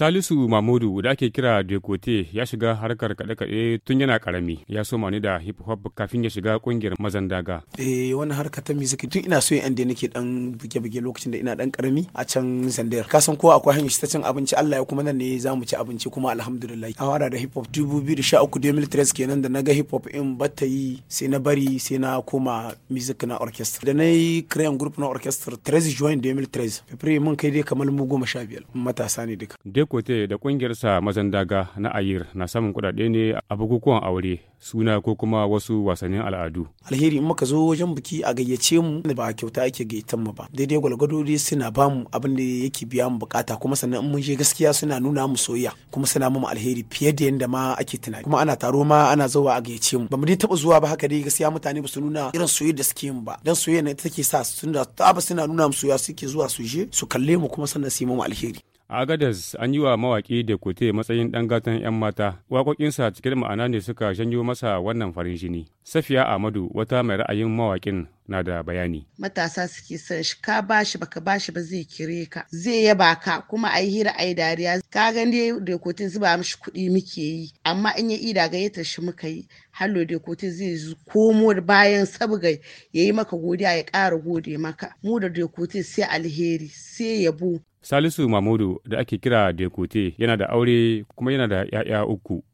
Salisu Mamudu da ake kira Dekote ya shiga harkar kaɗe-kaɗe tun yana karami ya soma ni da hip hop kafin ya shiga kungiyar mazan daga. Eh wani harka ta music tun ina so yan da nake dan buge-buge lokacin da ina dan karami a can Zandar. Ka san kowa akwai hanyar ta abinci Allah ya kuma nan ne za mu ci abinci kuma alhamdulillah. A wara da hip hop 2013 2013 kenan da na ga hip hop in bata yi sai na bari sai na koma music na orchestra. Da na yi crean group na orchestra 13 juin 2013. Fefre mun kai dai kamar mu goma sha biyar matasa ne duka. Kote da kungiyarsa mazan daga na Ayir na samun kudade ne a bukukuwan aure, suna ko kuma wasu wasannin al'adu. Alheri in muka zo wajen biki a gayyace mu da ba kyauta ake gayyatan mu ba. Daidai gwalgwado dai suna ba mu abin da yake biya mu bukata kuma sannan in mun je gaskiya suna nuna mu soyayya kuma suna mu alheri fiye da yadda ma ake tunani. Kuma ana taro ma ana zuwa a gayyace mu. mu dai taba zuwa ba haka dai gaskiya mutane ba su nuna irin soyayya da suke mu ba. Dan soyayya ne take sa suna ta ba suna nuna mu soyayya suke zuwa su je su kalle mu kuma sannan su yi mu alheri. A Agadez an yi wa mawaƙi da kote matsayin ɗan gatan 'yan mata, waƙoƙinsa cikin ma'ana ne suka janyo masa wannan farin jini. Safiya amadu wata mai ra'ayin mawaƙin na da bayani. Matasa suke son shi ka bashi baka bashi ba zai kire ka zai yaba ka kuma a yi hira a yi dariya ka gan dai kute zuba mishi kuɗi muke yi amma in ya ida yata shi muka yi hallo da kute zai komo bayan sabgai ya yi maka godiya ya ƙara gode maka mu da kute sai alheri sai yabo Salisu Mamudu da ake kira Dekote yana da aure kuma yana da ‘ya'ya uku.